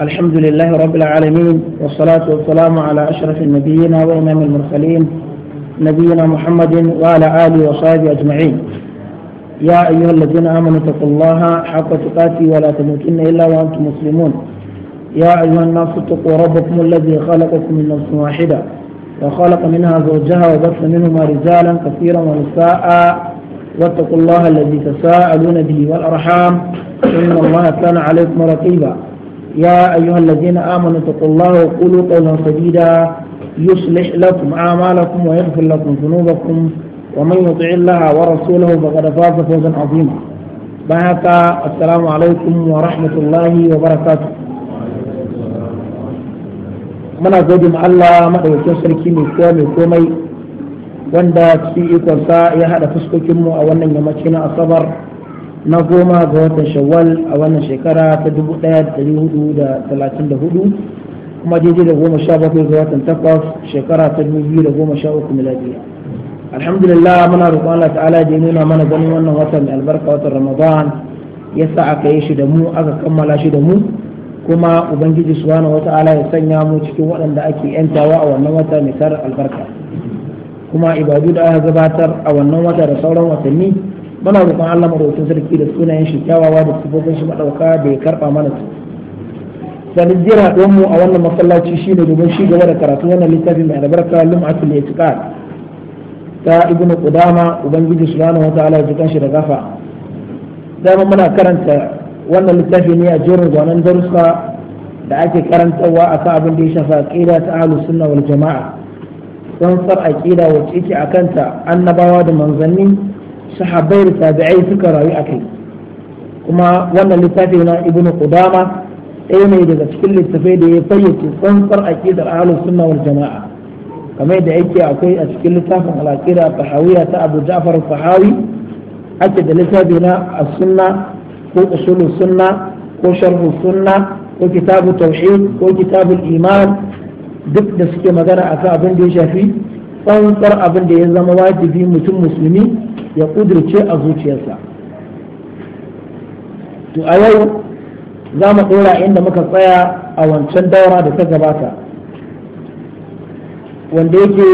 الحمد لله رب العالمين والصلاة والسلام على أشرف النبيين وإمام المرسلين نبينا محمد وعلى آله وصحبه أجمعين يا أيها الذين آمنوا اتقوا الله حق تقاته ولا تموتن إلا وأنتم مسلمون يا أيها الناس اتقوا ربكم الذي خلقكم من نفس واحدة وخلق منها زوجها وبث منهما رجالا كثيرا ونساء واتقوا الله الذي تساءلون به والأرحام إن الله كان عليكم رقيبا يا أيها الذين آمنوا اتقوا الله وقولوا قولا سديدا يصلح لكم أعمالكم ويغفر لكم ذنوبكم ومن يطع الله ورسوله فقد فاز فوزا عظيما بهك السلام عليكم ورحمة الله وبركاته من أزوج مع الله ما يوكي سركي مكومي كومي wanda cikin ikonsa ya haɗa fuskokinmu a wannan yammacin asabar na goma ga watan shawwal a wannan shekara ta 1434 kuma daidai da goma sha bakwai ga watan takwas shekara ta 2013 miladiya alhamdulillah muna roƙon Allah ta'ala da ya nuna mana ganin wannan watan mai albarka watan ramadan ya sa aka yi shi da mu aka kammala shi da mu kuma ubangiji wata ala ya sanya mu cikin waɗanda ake yantawa a wannan wata mai tarar albarka kuma ibadu da aka gabatar a wannan wata da sauran watanni muna roƙon Allah maraukin sarki da sunayen shi kyawawa da sifofin shi madauka da ya karba mana su sanin jira don mu a wannan masallaci shine domin shi gaba da karatu wannan littafin mai albarka lum'atul itiqad ta ibnu qudama ubangiji subhanahu wa ta'ala ya jikan shi da gafa dama muna karanta wannan littafi ne a jerin gwanan darussa da ake karantarwa a kan abin da ya shafa aqida ta ahlu sunna wal jama'a don sar aqida wacce yake akanta annabawa da manzanni sahabbai da tabi'ai suka rayu a kai kuma wannan littafi na ibn qudama ɗaya ne daga cikin littafai da ya fayyace tsantsar aqidar ahlus sunna wal jama'a kamar yadda yake akwai a cikin littafin al-aqida tahawiyya ta Abu Ja'far al-Tahawi ake da littafi na as-sunna ko usulus sunna ko sharhu sunna ko kitabu tauhid ko kitabul iman duk da suke magana akan abin da ya shafi tsantsar abin da ya zama wajibi mutum musulmi ya kudirce a zuciyarsa to a yau za mu ɗora inda muka tsaya a wancan daura da ta gabata wanda yake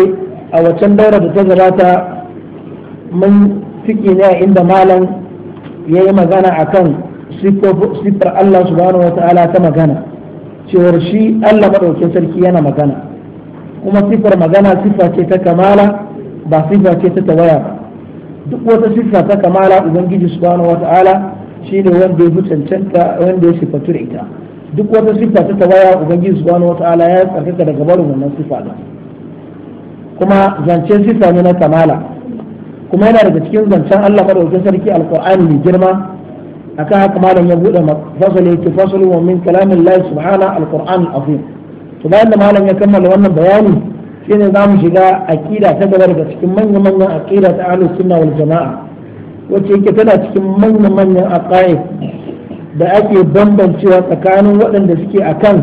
a wancan daura da ta gabata mun ciki ne a inda malam ya yi magana a kan siffar Allah subhanahu wa ta'ala ta magana cewar shi Allah maɗaukin sarki yana magana kuma sifar magana sifa ce ta kamala ba sifa ce ta tawaya ba duk wata sifa ta kamala ubangiji subhanahu wata'ala shine wanda ya fi cancanta wanda ya sifatu da ita duk wata sifa ta tawaya ubangiji subhanahu wata'ala ya tsarkaka daga barin wannan sifa da kuma zancen sifa ne na kamala kuma yana daga cikin zancen Allah madaukakin sarki alqur'ani mai girma akan haka malam ya bude fasali yake fasalu wa min kalamin Allah subhana alqur'an azim to da malam ya kammala wannan bayani shine za mu shiga aqida ta gaba daga cikin manyan manyan aqida ta ahlus sunna wal jamaa wacce yake tana cikin manyan manyan aqaid da ake bambancewa tsakanin waɗanda suke akan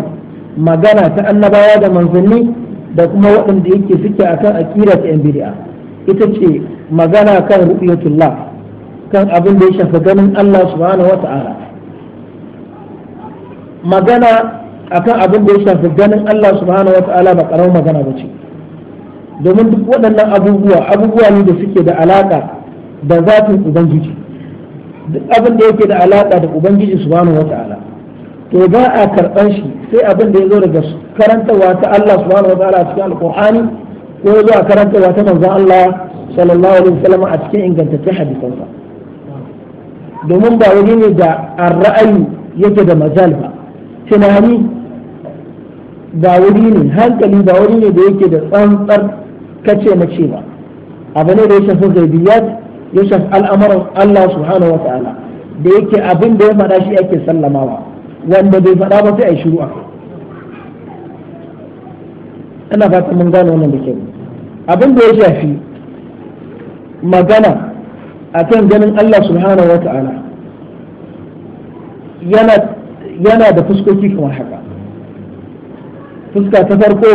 magana ta annabawa da manzanni da kuma waɗanda yake suke akan aqida ta bid'a ita ce magana kan ru'yatullah kan abin da ya shafa ganin Allah subhanahu wa ta'ala magana akan abin da ya shafi ganin Allah subhanahu wata'ala ba karamar magana ba ce domin duk waɗannan abubuwa abubuwa ne da suke da alaƙa da zatin ubangiji duk abin da yake da alaƙa da ubangiji subhanahu wata'ala to ba a karɓar shi sai abin da ya zo daga karantarwa ta Allah subhanahu wata'ala a cikin alƙur'ani ko ya zo a karantarwa ta manzon Allah sallallahu alaihi wasallam a cikin ingantaccen hadisansa domin ba wani ne da ar-ra'ayi yake da majal ba tunani ba wuri ne hankali ba wuri ne da yake da tsantsar kace mace ba abu ne da ya shafi gaibiyat ya shafi al'amuran Allah subhanahu wa ta'ala da yake abin da ya faɗa shi ake sallamawa wanda bai faɗa ba sai a yi shiru a ina fatan mun gane wannan da kyau abin da ya shafi magana akan ganin Allah subhanahu wa ta'ala yana da fuskoki kamar haka fuska ta farko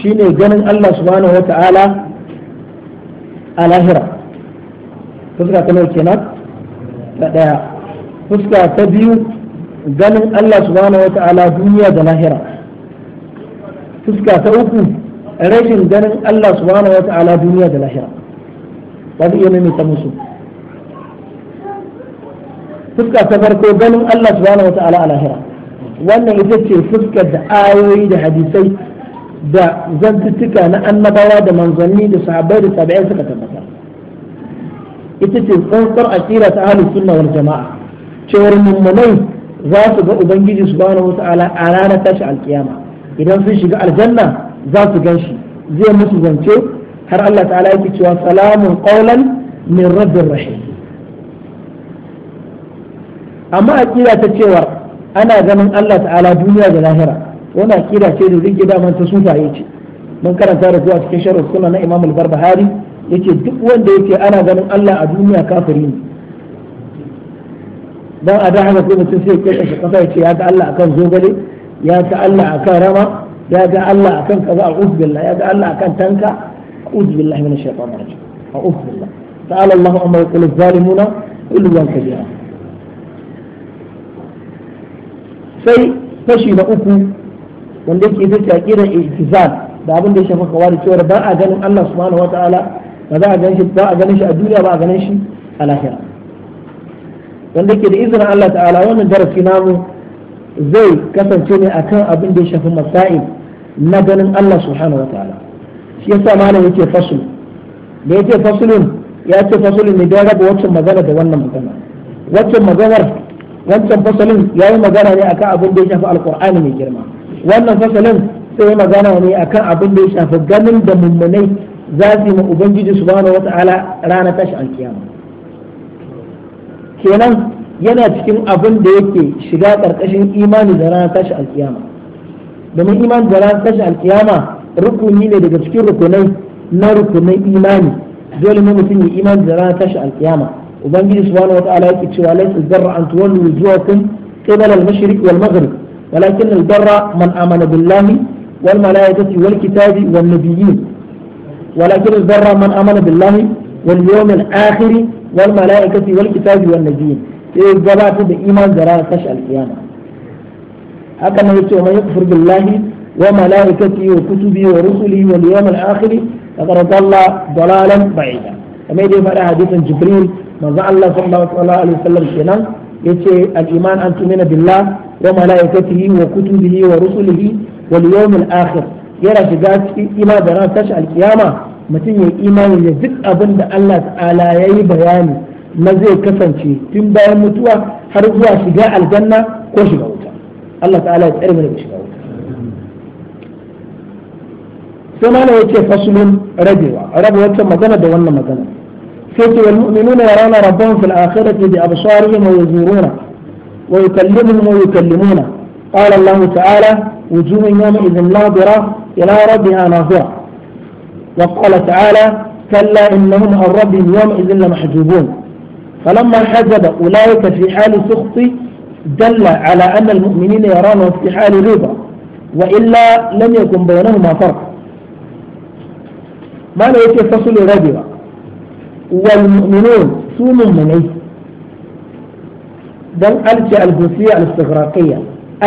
shine ganin Allah subhanahu wata'ala a lahira fuska ta nau kenan ta ɗaya fuska ta biyu ganin Allah subhanahu wata'ala duniya da lahira fuska ta uku rashin ganin Allah subhanahu wata'ala duniya da lahira ba zai iya maimaita musu fuska ta farko ganin Allah subhanahu wata'ala a lahira wannan ita ce fuskar da ayoyi da hadisai da zantuttuka na annabawa da manzanni da sahabbai da tabi'ai suka tabbata ita ce tsantsar akira ta ahlus sunna wal jama'a cewar mummunai za su ga ubangiji subhanahu wata'ala a ranar tashi alkiyama idan sun shiga aljanna za su gan shi zai musu zance har Allah ta'ala yake cewa salamun qawlan min rabbir rahim amma akira ta cewar ana ganin Allah ta'ala duniya da lahira wannan akida ce da rike da ta sufaye ce mun karanta da zuwa cikin sharh sunna na Imam al-Barbahari yace duk wanda yake ana ganin Allah a duniya kafiri ne dan a da haka sai mutum sai ya shi kasa yace ya ga Allah akan zogale ya ga Allah akan rama ya ga Allah akan kaza a'udhu billah ya ga Allah akan tanka a'udhu billahi minash shaitanir rajim a'udhu billah ta'ala Allahu amma yaqulu adh-dhalimuna ulwan sai kashi na uku wanda yake ita ce aqidar ihtizal da abin da ya shafi kawari cewa ba a ganin Allah subhanahu wataala ba za a ganin shi ba a ganin shi a duniya ba a ganin shi a lahira wanda ke da izinin Allah ta'ala wannan darasi namu zai kasance ne akan abin da ya shafi masa'in na ganin Allah subhanahu wataala shi yasa malam yake fasul da yake fasulin ya ce fasulin ne don raba waccan magana da wannan magana waccan maganar wancan fasalin ya yi magana ne akan abin da ya shafi alkur'ani mai girma wannan fasalin sai ya magana ne akan abin da ya shafi ganin da mummunai za su yi ma ubangiji subhanahu wata'ala rana tashi alkiyama kenan yana cikin abin da yake shiga karkashin imani da rana tashi alkiyama domin imani da rana tashi alkiyama rukuni ne daga cikin rukunai na rukunan imani dole ne mutum ya imani da rana tashi alkiyama ubangiji subhanahu wataala yake cewa laysa zarra an tuwallu wujuhakum qibala al-mashriq wal maghrib walakin al-barra man amana billahi wal malaikati wal kitabi wan nabiyyin walakin al-barra man amana billahi wal yawmil akhir wal malaikati wal kitabi wan nabiyyin sai gabatar da iman da ranar tashi alkiyama haka ne yace man yakfur billahi wa malaikati wa kutubi wa rusuli wal yawmil akhir faqad dhalla dalalan ba'ida da dai faɗa hadisin jibril manzo Allah sallallahu alaihi wasallam kenan yace al-iman an tumina billah wa malaikatihi wa kutubihi wa rusulihi wal yawmil akhir yana shiga cikin ima da ran tashi alkiyama mutum ya imani da duk abin da Allah ta'ala yayi bayani na zai kasance tun bayan mutuwa har zuwa shiga aljanna ko shiga wuta Allah ta'ala ya tsare mu shiga wuta sai ma yake fasulun rabewa rabe wacce magana da wannan magana sai ce wal mu'minuna yarawna rabbahum fil akhirati bi absarihim wa yuzuruna wa yukallimuhum wa yukallimuna qala Allah ta'ala wujuhun yawma idhin nadira ila rabbiha nadira wa qala ta'ala كلا إنهم عن ربهم يومئذ لمحجوبون فلما حجب أولئك في حال سخط دل على أن المؤمنين يرانهم في حال رضا وإلا لم يكن بينهما فرق ما لا يكي فصل ربيع والمؤمنون سو مؤمني دم ألجا الجنسية الاستغراقية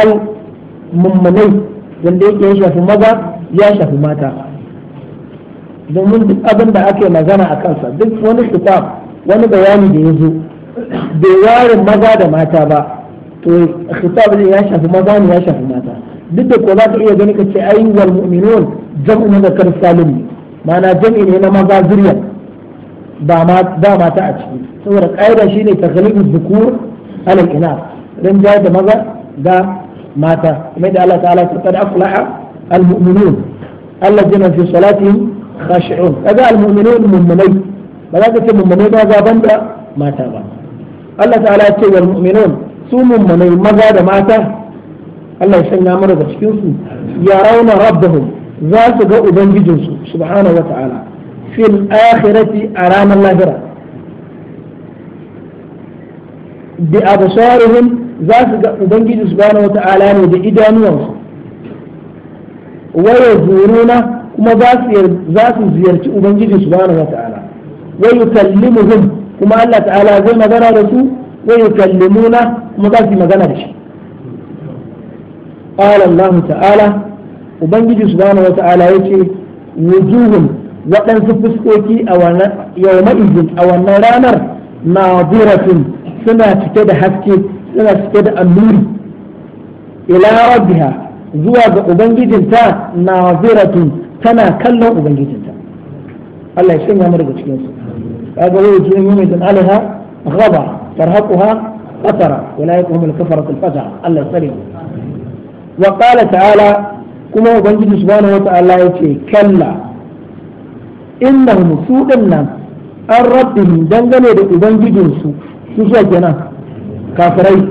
المؤمني wanda yake ya shafi maza ya shafi mata domin duk abin ake magana a kansa duk wani kitab wani bayani da ya zo bai ware maza da mata ba to kitab ne ya shafi maza ne ya shafi mata duk da ko za ka iya gani ka ce ai wal mu'minun jam'u muzakkar salim ne mana jami'i ne na maza zuriya ba mata a ciki saboda ƙa'ida shi ne taghlibu zukur alal ina dan jayar da maza ga mata kuma da Allah ta'ala ta kada aflaha almu'minun alladhina fi salatihim khashi'un kaga almu'minun mummunai ba za ka ce mummunai ba za banda mata ba Allah ta'ala ya ce wal mu'minun su mummunai maza da mata Allah ya sanya mana da cikin su yarawna rabbahum za su ga ubangijinsu subhanahu wa ta'ala fil akhirati a ranar lahira bi absarihim za su ga ubangiji subhanahu wa ta'ala ne da idanuwansu wa yazuruna kuma za su ziyarci ubangiji subhanahu wa ta'ala wa yukallimuhum kuma Allah ta'ala zai magana da su wa yukallimuna kuma za su magana da shi qala Allah ta'ala ubangiji subhanahu wata'ala yace wujuhun waɗansu fuskoki a wannan yawma izin a wannan ranar nadiratun suna cike da haske suna cike da annuri ila rabbiha zuwa ga ubangijinta nadiratun tana kallon ubangijinta Allah ya sanya mu daga cikin su kaga wujuhun yawma alaha غضا ترهقها قترة ولا يقوم الكفرة الفجرة الله يسلم وقال تعالى kuma ubangiji subhanahu wata'ala ya ce kalla innahum su dinnan an rabbihim dangane da ubangijinsu su zuwa kenan kafirai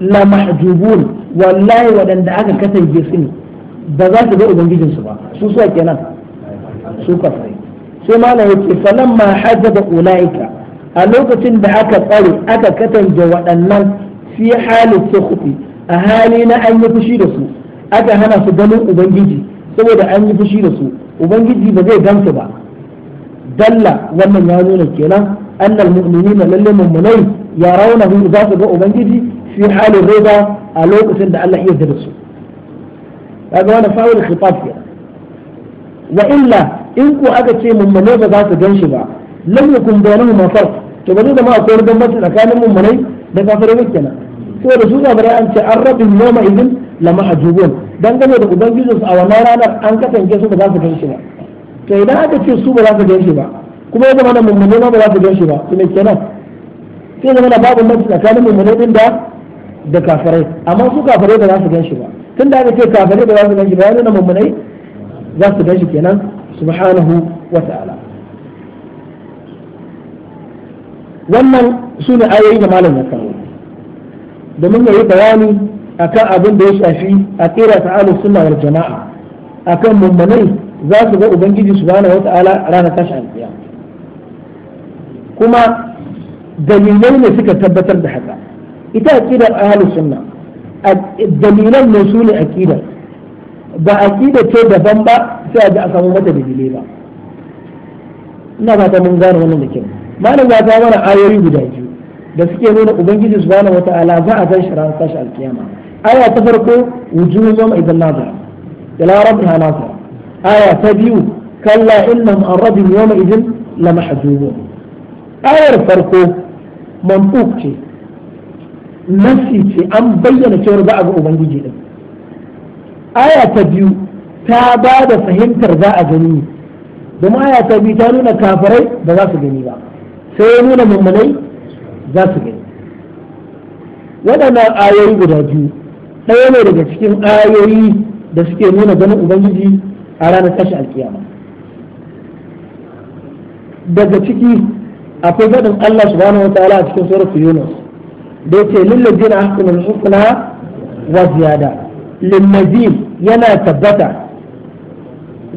la mahjubun wallahi waɗanda aka kasance su ne ba za su ga ubangijinsu ba su zuwa kenan su kafirai sai malam ya ce falamma hajjaba ulaika a lokacin da aka tsare aka katanje waɗannan fi halin sukhti a hali na an yi fushi da su aka hana su ganin ubangiji saboda an yi fushi da su ubangiji ba zai gansu ba dalla wannan ya nuna kenan annal mu'minina lalle mummunai ya raunahu za su ga ubangiji fi halin rida a lokacin da Allah ya yarda da su kaga wannan fa'ul khitab wa illa in ko aka ce mummunai ba za su ganshi ba lam yakun bainahu mafar to ba zai zama akwai rigar mace tsakanin mummunai da kafirai kenan saboda su zabarai an ce an rabin noma idin lama don dangane da ubangijin su a wannan ranar an kasance su ba za su ganshi ba to idan aka ce su ba za su ganshi ba kuma ya zama na mummune ba za su ganshi ba to me kenan sai zama na babu mace tsakanin mummune din da da kafirai amma su kafirai ba za su ganshi ba tun da aka ce kafirai ba za su gan shi ba yana mummune za su ganshi kenan subhanahu wa ta'ala wannan su ne ayoyi da malam ya kawo domin ya yi bayani akan abin da ya shafi a kera ta ahlus sunna wal jama'a akan mummunai za su ga ubangiji subhanahu wata'ala ranar tashi alƙiya kuma dalilai ne suka tabbatar da haka ita a ahlus suna dalilan ne su ne aqidar ba aqida ce daban ba sai a ji a samu mata dalilai ba ina ba ta mun gane wannan da kyau malam ya kawo mana ayoyi guda biyu da suke nuna ubangiji subhanahu wata'ala za a gan shi ranar tashi alƙiyama aya ta farko wujuhun yawma idan nazara ila rabbiha nazara aya ta biyu kalla innahum an rabbihim yawma idan lamahjubun ayar farko mantuk ce nafsi ce an bayyana cewar za a ga ubangiji din aya ta biyu ta ba da fahimtar za a gani domin aya ta biyu ta nuna kafarai ba za su gani ba sai ya nuna mummunai za su gani waɗannan ayoyi guda biyu ɗaya ne daga cikin ayoyi da suke nuna ganin ubangiji a ranar tashi alkiyama daga ciki akwai faɗin Allah subhanahu wataala a cikin suratul Yunus da yake lillazina ahkamul hukna wa ziyada lillazin yana tabbata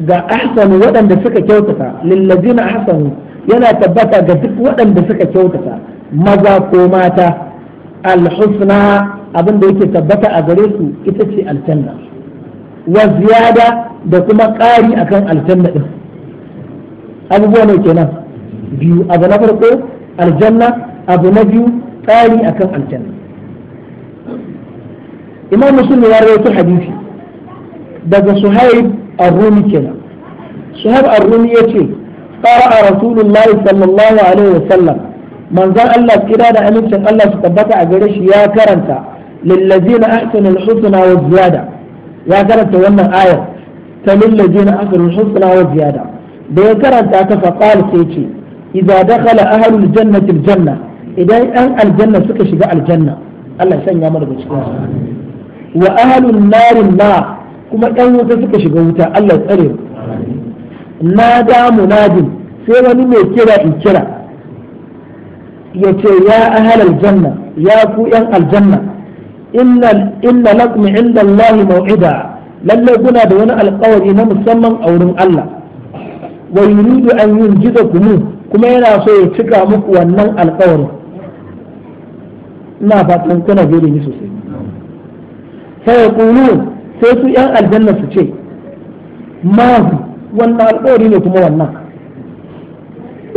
ga ahsanu waɗanda suka kyautata lillazina ahsanu yana tabbata ga duk waɗanda suka kyautata maza ko mata alhusna abin da yake tabbata a gare su ita ce aljanna wa ziyada da kuma ƙari akan aljanna din abubuwa ne kenan biyu abu na farko aljanna abu na biyu ƙari akan aljanna imam muslim ya rawaito hadisi daga suhaib ar-rumi kenan suhaib ar-rumi yace qara'a rasulullahi sallallahu alaihi wasallam manzon Allah kira da amincin Allah su tabbata a gare shi ya karanta lillazina ahsanu al-husna wa ya karanta wannan ayar ta lillazina ahsanu al-husna wa ziyada ya karanta ta fa qala sai ce idza dakhala ahlul jannati al-janna idan yan aljanna suka shiga aljanna Allah sanya mu daga wa ahlun narin na kuma yan wuta suka shiga wuta Allah ya na sai wani mai kira kira ya ce ya ahal aljanna ya ku yan aljanna inna lakum inda Allah mau'ida lalle kuna da wani alkawari na musamman a wurin Allah wa yuridu an yunjiza kumu kuma yana so ya cika muku wannan alkawarin ina fatan kuna biyo ni sosai sai ya kulu sai su yan aljanna su ce ma wannan alkawari ne kuma wannan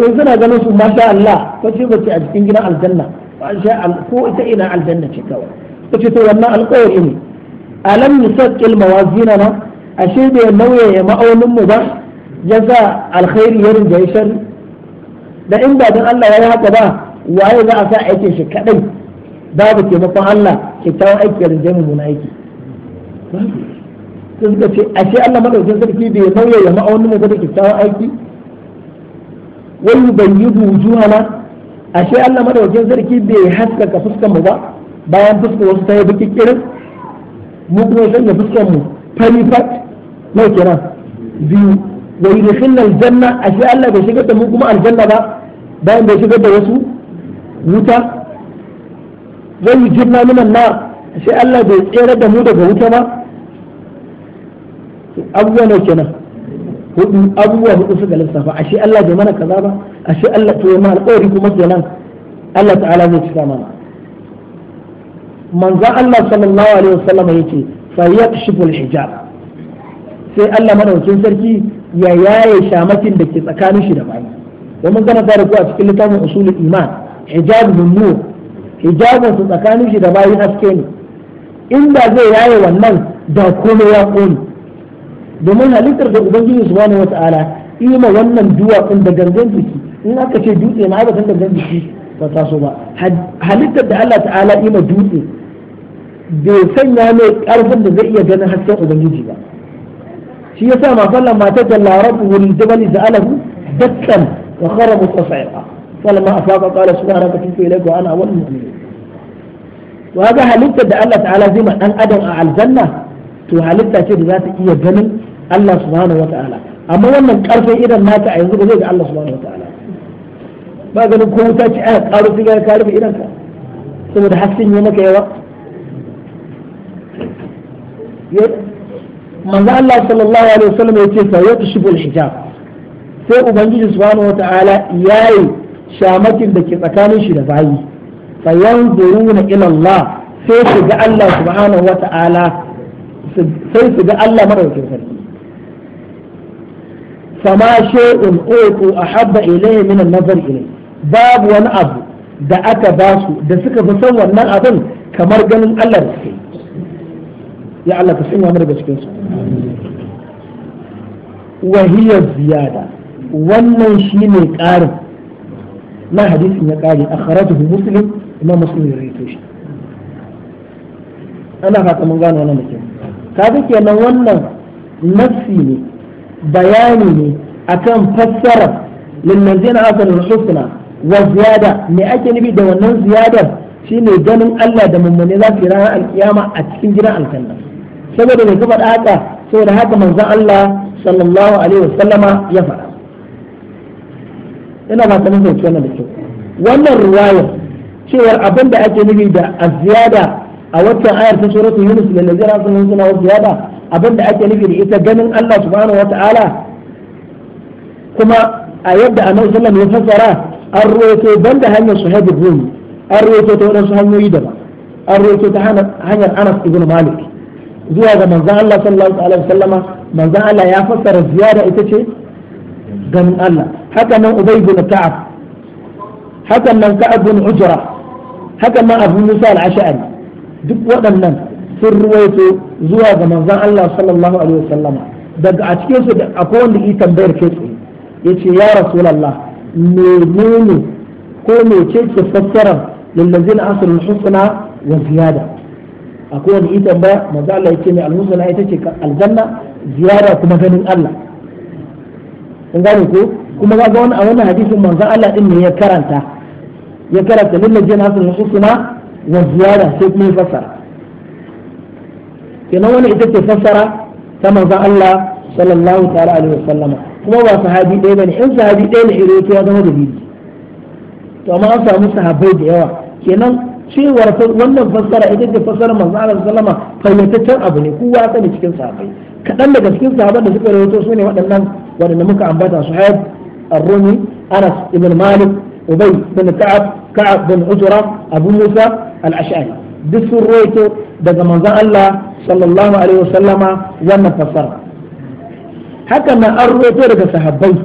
in suna ganin su masha Allah ko ce bace a cikin gidan aljanna ko ita ina aljanna ce kawai kace to wannan alƙawari ne alam yusaqqil mawazina na ashe bai nauyaya ma'aunin mu ba ya sa alkhairi ya rinjaye shari da in ba dan Allah ya yi haka ba waye za a sa aikin shi kadai babu taimakon Allah kyakkyawan aiki ya rinjaye mu na aiki sai suka ce ashe Allah sarki bai nauyaya ma'aunin mu ba da aiki bayyidu wujuhana ashe Allah sarki bai haskaka fuskar mu ba bayan fuskar wasu ta yi baki kirin mu kuma sanya fuskar mu fari fat nau kenan biyu wa yudkhilna aljanna ashe Allah bai shigar da mu kuma aljanna ba bayan bai shigar da wasu wuta wa jirna minan nar ashe Allah bai tsere da mu daga wuta ba abubuwa nau kenan hudu abubuwa hudu suka lissafa ashe Allah bai mana kaza ba ashe Allah to ya ma alƙawari kuma kenan Allah ta'ala zai cika mana manzon Allah sallallahu alaihi wasallam yace fa yakshifu al-hijab sai Allah madaukin sarki ya yaye shamakin da ke tsakanin shi da bayi wa mun gana da ku a cikin littafin usulul iman min nur hijabun su tsakanin shi da bayi haske ne inda zai yaye wannan da komai ya kone domin halittar da ubangiji subhanahu wataala ima wannan duwa duwatsun da gangan jiki in aka ce dutse na san da gangan jiki ta taso ba halittar da Allah ta'ala ima dutse bai sanya mai karfin da zai iya ganin hasken ubangiji ba shi yasa ma sallan mata da larabu wurin jabali da alahu dakkan wa khara mustasi'a falamma afaqa qala subhanaka tubtu ilayka wa ana awwalul mu'minin to haka halittar da Allah ta'ala zai ma dan adam a aljanna to halitta ce da za ta iya ganin Allah subhanahu wa ta'ala amma wannan karfin idan nata a yanzu ba zai ga Allah subhanahu wa ta'ala ba ganin ko wuta ce aka karo sigari ka rufe idanka saboda hasken yi maka yawa manzo Allah sallallahu alaihi wasallam ya ce fa yatshibul hijab sai ubangiji subhanahu wataala yayi shamakin da ke tsakanin shi da bayi fa yanzuruna ila Allah sai su ga Allah subhanahu wataala sai su ga Allah madaukakin sarki fama shay'un uqu ahabba ilayhi min an-nazar ilayhi babu wani abu da aka ba su da suka fi son wannan abin kamar ganin Allah da suke ya Allah ka sanya mu daga cikin su wahiya ziyada wannan shine ƙarin na hadisin ya ƙare akhrajahu muslim imam muslim ya rawaito shi ana fata mun gano wannan mutum kaga kenan wannan nafsi ne bayani ne akan fassara lillazina azal husna wa ziyada me ake nufi da wannan ziyadar shine ganin Allah da mummune za su yi ranar alkiyama a cikin gidan aljanna saboda bai kafa haka saboda haka manzon Allah sallallahu alaihi wasallama ya faɗa ina ba ta nufin wannan da kyau wannan riwayar cewar abin da ake nufi da aziyada a waccan ayar ta suratul yunus da nazira sunan suna wa ziyada abin da ake nufi da ita ganin Allah subhanahu wataala kuma a yadda annabi sallallahu alaihi wasallam ya fassara an roto ban da hanyar suhaib rumi an roto ta waɗansu hanyoyi daban an roto ta hanyar anas ibn malik zuwa ga manzan Allah sallallahu alaihi wasallama manzan Allah ya fassara ziyara ita ce ganin Allah haka nan ubay bin ka'ab haka nan ka'ab bin ujra haka nan abu musa al-ash'ari duk waɗannan sun ruwaito zuwa ga manzan Allah sallallahu alaihi wasallama daga a cikin su akwai wanda yi tambayar kai tsaye yace ya rasulullah menene ko mece ce fassara lillazina asrul husna wa ziyada akwai wani ita ba manzo Allah yake ne al-husna ita ce aljanna ziyara kuma ganin Allah kun gane ko kuma ga wani a wannan hadisin manzo Allah din ne ya karanta ya karanta lillazina asrul husna wa ziyada sai kuma fassara kenan wani ita ce fassara ta manzo Allah sallallahu ta'ala alaihi wasallama kuma ba sahabi ɗaya ne in sahabi ɗaya ne iroto ya zama dalili to amma an samu sahabbai da yawa kenan cewar wannan fassara ita ce fassarar manzo Allah sallama fayyataccen abu ne kowa sani cikin sahabbai kaɗan daga cikin sahabban da suka rawaito su ne waɗannan waɗanda muka ambata su hayab ar-rumi anas ibn malik ubay bin ka'ab ka'ab bin ujra abu musa al-ash'ari duk sun rawaito daga manzon Allah sallallahu alaihi wasallama wannan fassara haka nan an roto daga sahabbai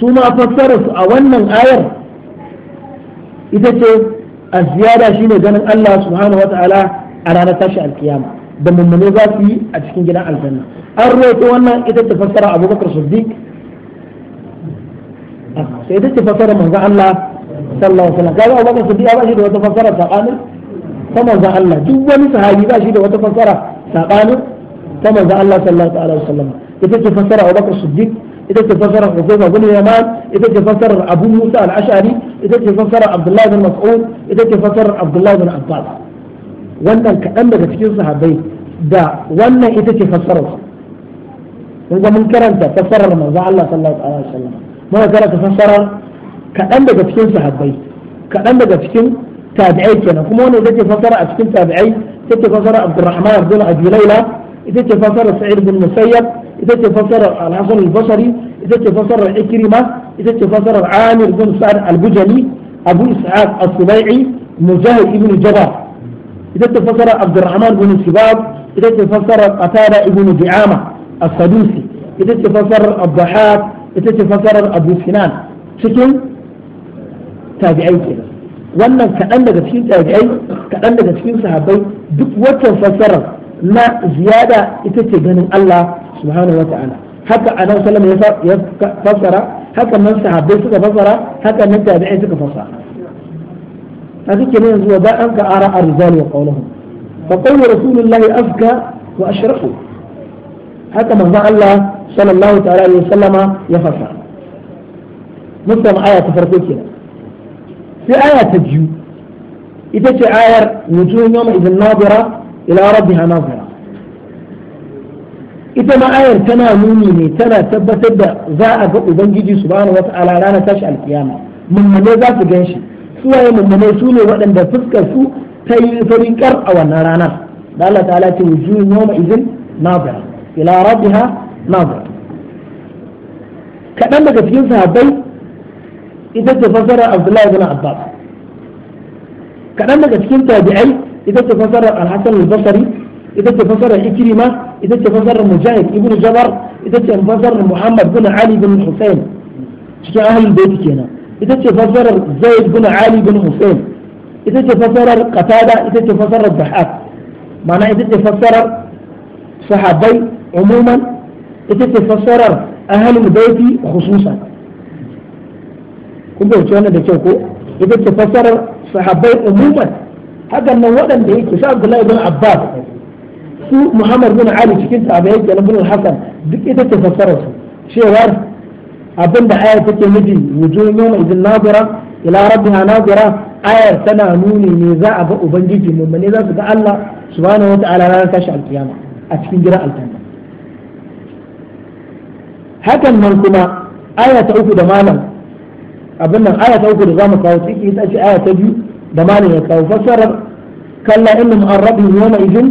su ma fassararsu a wannan ayar ita ce a ziyara shine ganin Allah subhanahu wata'ala a ranar tashi alkiyama da mummune za su yi a cikin gidan aljanna an roto wannan ita ce fassara abubakar siddiq sai ita ce fassara manzo Allah sallallahu alaihi wasallam kaga abubakar siddiq ba shi da wata fassara tsakanin ta manzo Allah duk wani sahabi ba shi da wata fassara tsakanin ta manzo Allah sallallahu alaihi wasallam ita ce fassara Abu Bakar Siddiq ita ce fassara Hudayfa bin Yaman ita ce fassara Abu Musa al-Ash'ari ita ce fassara Abdullah bin Mas'ud ita ce fassara Abdullah bin Abbas wannan kaɗan daga cikin sahabbai da wannan ita ce fassarar kun ga mun karanta fassarar manzo Allah sallallahu alaihi wasallam mun karanta fassarar kaɗan daga cikin sahabbai kaɗan daga cikin tabi'ai kenan kuma wannan ita ce fassara a cikin tabi'ai ita ce fassara Abdurrahman bin Abi Layla ita ce fassara Sa'id bin Musayyab ita ce fasarar al-hasan al-basri ita ce fasarar ikrima ita ce fasarar amir bin sa'ad al-bujali abu ishaq as-subai'i mujahid ibn jabal ita ce fasarar abdurrahman bin sibab ita ce fasarar qatada ibn di'ama as-sadusi ita ce fasarar abdahab ita ce fasarar abu sinan cikin tabi'ai kenan wannan kaɗan daga cikin tabi'ai kaɗan daga cikin sahabbai duk waccan fasarar na ziyada ita ce ganin Allah subhanahu ta'ala haka annabi sallallahu alaihi ya fassara haka nan sahabbai suka fassara haka nan tabi'ai suka fassara haka kenan yanzu wa ba'an ka ara arzal wa qawluhum fa qawlu rasulullahi afka wa ashrafu haka manzon Allah sallallahu ta'ala alaihi wasallama ya fassara musamman aya ta farko kenan sai aya ta biyu ita ce ayar wujuhun yawma idin nadira إلى ربها ناظرة إذا ما آير تنا مؤمني تنا تبا تبا زاء بقبان جيجي سبحانه وتعالى لا نتاش على القيامة من إيه من يزاك جنشي سواء من من يسولي وعندما تفكى سوء تيفرين كر أو النارانا لا تعالى توجوه يوم إذن ناظرة إلى ربها ناظرة كأنما كثير صحابي إذا تفكر عبد الله بن عباس كأنما كثير تابعي إذا تفسر الحسن البصري إذا تفسر إكرمة إذا تفسر مجاهد ابن جبر إذا تفسر محمد بن علي بن حسين شكي أهل البيت كينا إذا تفسر زيد بن علي بن حسين إذا تفسر قتادة إذا تفسر الضحاك معنى إذا تفسر صحابي عموما إذا تفسر أهل البيت خصوصا كنت أتوانا بشوكو إذا تفسر صحابي عموما hakan nan waɗanda yake sha Abdullahi bin Abbas su Muhammad bin Ali cikin sahabbai yake na bin Hassan duk ita ta fassarar su cewa abinda ayar take nufi wujuhun yawma idin nazira ila rabbiha nazira ayar tana nuni ne za a ga ubangiji mummune za su ga Allah subhanahu wataala ranar tashi alkiyama a cikin gidan aljanna hakan nan kuma aya ta uku da malam abin nan aya ta uku da zamu kawo ciki ita ce aya ta biyu da malin ya kawo fassarar kalla inna mu'arrabin yawma idin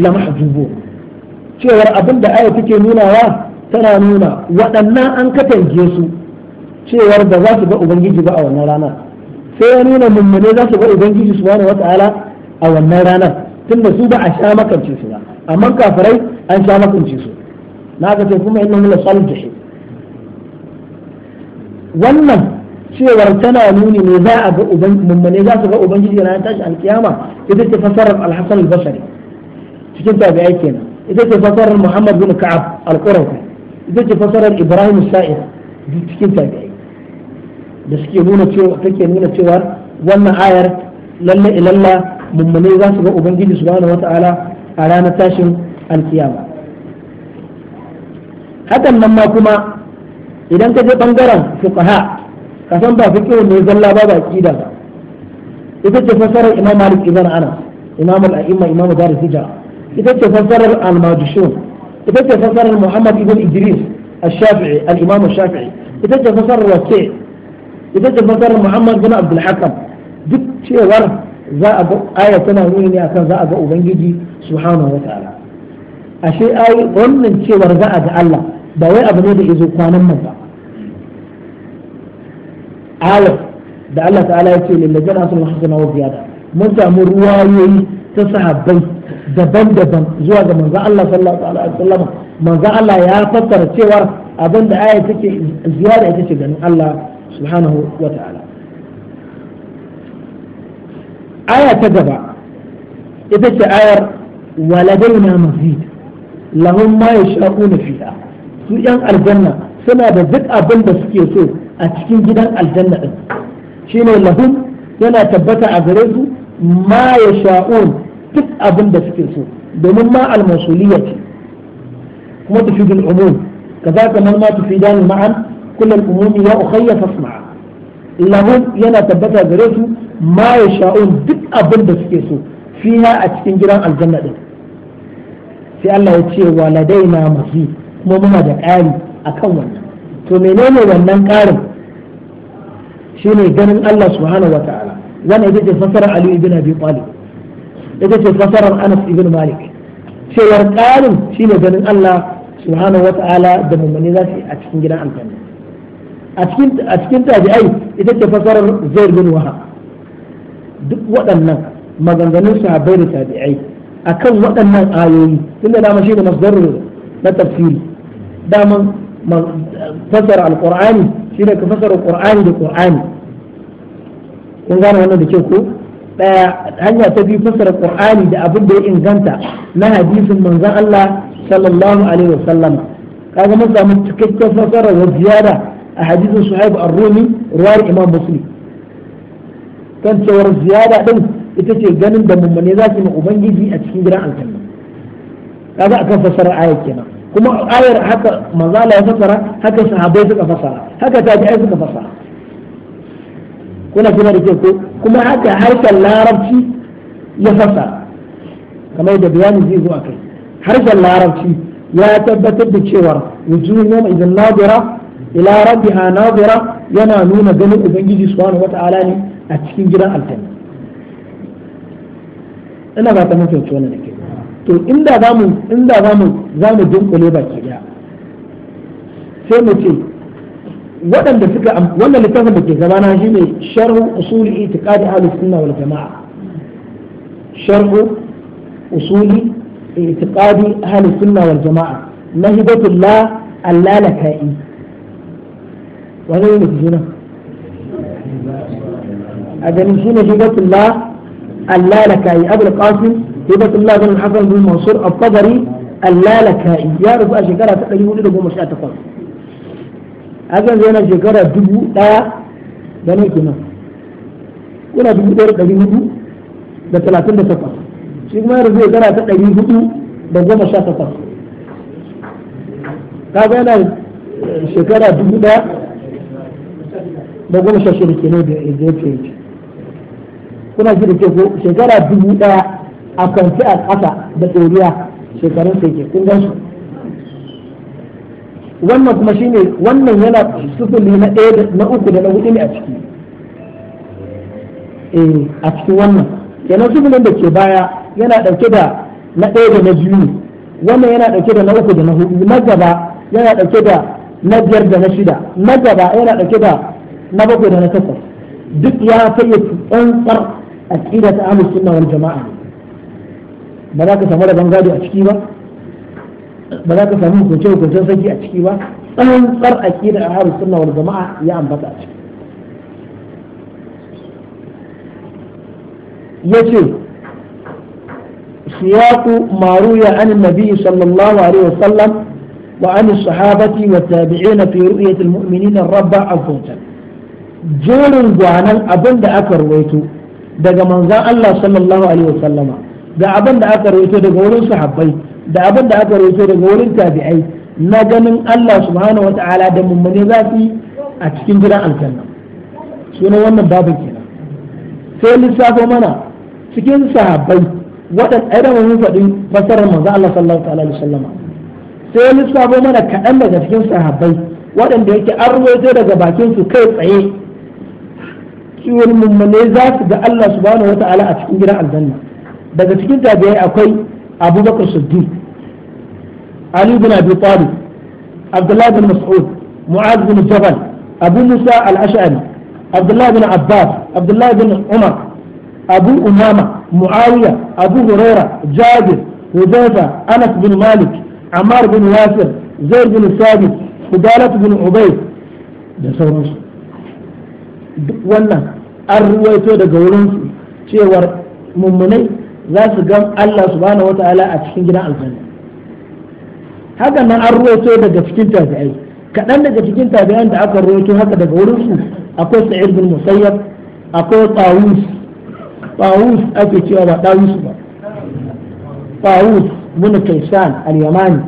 la mahjubu cewar abin da aya take nunawa tana nuna waɗannan an katange su cewar ba za su ga ubangiji ba a wannan rana sai ya nuna mummune za su ga ubangiji subhanahu wata'ala a wannan rana tunda su ba a sha makance su ba amma kafirai an sha makance su na ga ce kuma innahu la salih wannan cewar tana nuni ne za a ga uban mummune za su ga ubangiji ranar tashi alkiyama ita ce fasarar al-hasan al-basri cikin tabi'ai kenan ita ce fasarar muhammad bin ka'ab al-qurafi ita ce fasarar ibrahim sa'id cikin tabi'ai da suke nuna cewa take nuna cewa wannan ayar lalle ilalla mummune za su ga ubangiji subhanahu wata'ala a ranar tashin alkiyama hakan nan ma kuma idan ka je bangaren fuqaha ka san ba fiqh ne zalla ba ba aqida ba ita ce fasarar imam malik ibn anas imam al-a'imma imam ita ce fasarar al-majushun ita ce fasarar muhammad ibn idris الشافعي الإمام الشافعي إذا تفسر وكيع إذا تفسر محمد بن عبد الحكم duk cewar za a ga aya tana nuni ne akan za a ga ubangiji subhanahu wataala ashe ai wannan cewar za a ga Allah ba wai da yazo kwanan nan ayar da Allah ta'ala ya ce da lillazina sun hasana wa ziyada mun samu ruwayoyi ta sahabbai daban-daban zuwa ga manzon Allah sallallahu alaihi wasallam manzon Allah ya fassara cewa abinda ayar take ziyada ita ce ganin Allah subhanahu wa ta'ala aya ta gaba ita ce ayar waladaina mazid lahum ma yashaquna fiha su yan aljanna suna da duk abin da suke so a cikin gidan aljanna din shine lahum yana tabbata a gare su ma sha'un duk abin da suke so domin ma al-masuliyya ce kuma tufidul umum kazaka man ma tufidan ma'an kullal umumi ya ukhayya fasma'a lahum yana tabbata gare su ma sha'un duk abin da suke so fiha a cikin gidan aljanna din sai Allah ya ce na mahi kuma muna da ƙari akan wannan to menene wannan ƙarin shine ganin Allah subhanahu wataala wannan ita ce fasarar Ali ibn Abi Talib ita ce fasarar Anas ibn Malik cewar ƙarin shine ganin Allah subhanahu wataala da mummuni za a cikin gidan aljanna a cikin a cikin tabi'ai ita ce fasarar Zaid bin Wahab duk waɗannan maganganun sahabbai da tabi'ai akan waɗannan ayoyi tunda dama shi ne masdarul na tafsiri daman fasara shi ne ka fasara qur'ani da qur'ani kun gane wannan da ke ku daya hanya ta biyu fasara qur'ani da abin da ya inganta na hadisin manzon Allah sallallahu alaihi wasallam kaga mun samu cikakken fasara wa ziyada a hadisin suhaib ar-rumi ruwar imam muslim kan cewar ziyada din ita ce ganin da mummune za su yi ubangiji a cikin gidan ka kaga akan fasara ayat kenan kuma ayar haka manzala ya fasara haka sahabai suka fasara haka tabi'ai suka fasara kuna kina da ko kuma haka harshen larabci ya fasara kamar da bayani zai zo akai harshen larabci ya tabbatar da cewa wujuhum idan nadira ila rabbiha nadira yana nuna ganin ubangiji subhanahu wata'ala ne a cikin gidan aljanna ina ba ta mafi wannan da ke to inda za mu inda za mu za mu dunkule baki daya sai mu ce waɗanda suka wannan littafin da ke gabana shine sharhu usuli itiqadi ahlus sunna wal jamaa sharhu usuli itiqadi ahlus sunna wal jamaa nahibatullah allalaka'i wani ne ke juna a ganin shine hibatullah allalaka'i abul qasim هبة الله بن الحسن بن منصور الطبري اللالكائي يا رب أشكرا تقلي أجل زينا شكرا دبو لا بني كنا كنا دبو قلي ya rubuta gara ta yana shekara dubu ɗaya da goma sha da ya ce kuna ko shekara dubu ɗaya a kwanci a ƙasa da ɗoriya shekarun sai ke kun gansu wannan kuma shine wannan yana sufuli na ɗaya na uku da na hudu ne a ciki eh, a cikin wannan kenan sufulin da ke baya yana ɗauke da na ɗaya da na biyu wannan yana ɗauke da na uku da na hudu na gaba yana ɗauke da na biyar da na shida na gaba yana ɗauke da na bakwai da na takwas duk ya fayyace tsantsar aqida ta ahlus sunna wal jama'a ne ba za ka samu rabon gado a ciki ba ba za ka samu hukunce hukuncen saki a ciki ba tsawon tsar a ke da harin suna wani jama'a ya ambata a ciki ya ce siyaku ya anin nabi sallallahu alaihi wasallam wa anin sahabati wa na fi ru'yatil na rabba a azza jerin gwanan abin da aka ruwaito daga manzan Allah sallallahu alaihi wasallama da abin da aka rawaito daga wurin sahabbai da abin da aka rawaito daga wurin tabi'ai na ganin Allah subhanahu wata'ala da mummune za su yi a cikin gidan aljanna suna wannan babin kenan sai lissafo mana cikin sahabbai waɗanda ai da mun faɗin fasarar manzo Allah sallallahu alaihi wasallama sai lissafo mana kaɗan daga cikin sahabbai waɗanda yake an rawaito daga bakin su kai tsaye ciwon mummune za su ga Allah subhanahu wata'ala a cikin gidan aljanna daga cikin tabi'ai akwai abubakar siddiq ali bin abi talib abdullahi bin mas'ud mu'az bin jabal abu musa al-ash'ari abdullahi bin abbas abdullahi bin umar abu umama muawiya abu huraira jabir hudayfa anas bin malik Amar bin yasir zayd bin sabit hudalat bin ubayd da sauransu duk wannan an ruwaito daga wurinsu cewar mummunai za su ga Allah subhanahu wataala a cikin gidan aljanna hakan nan an ruwaito daga cikin tabi'ai kaɗan daga cikin tabi'an da aka ruwaito haka daga wurin su akwai sa'id bin musayyab akwai tawus tawus ake cewa ba tawus ba tawus bin kaisan al-yamani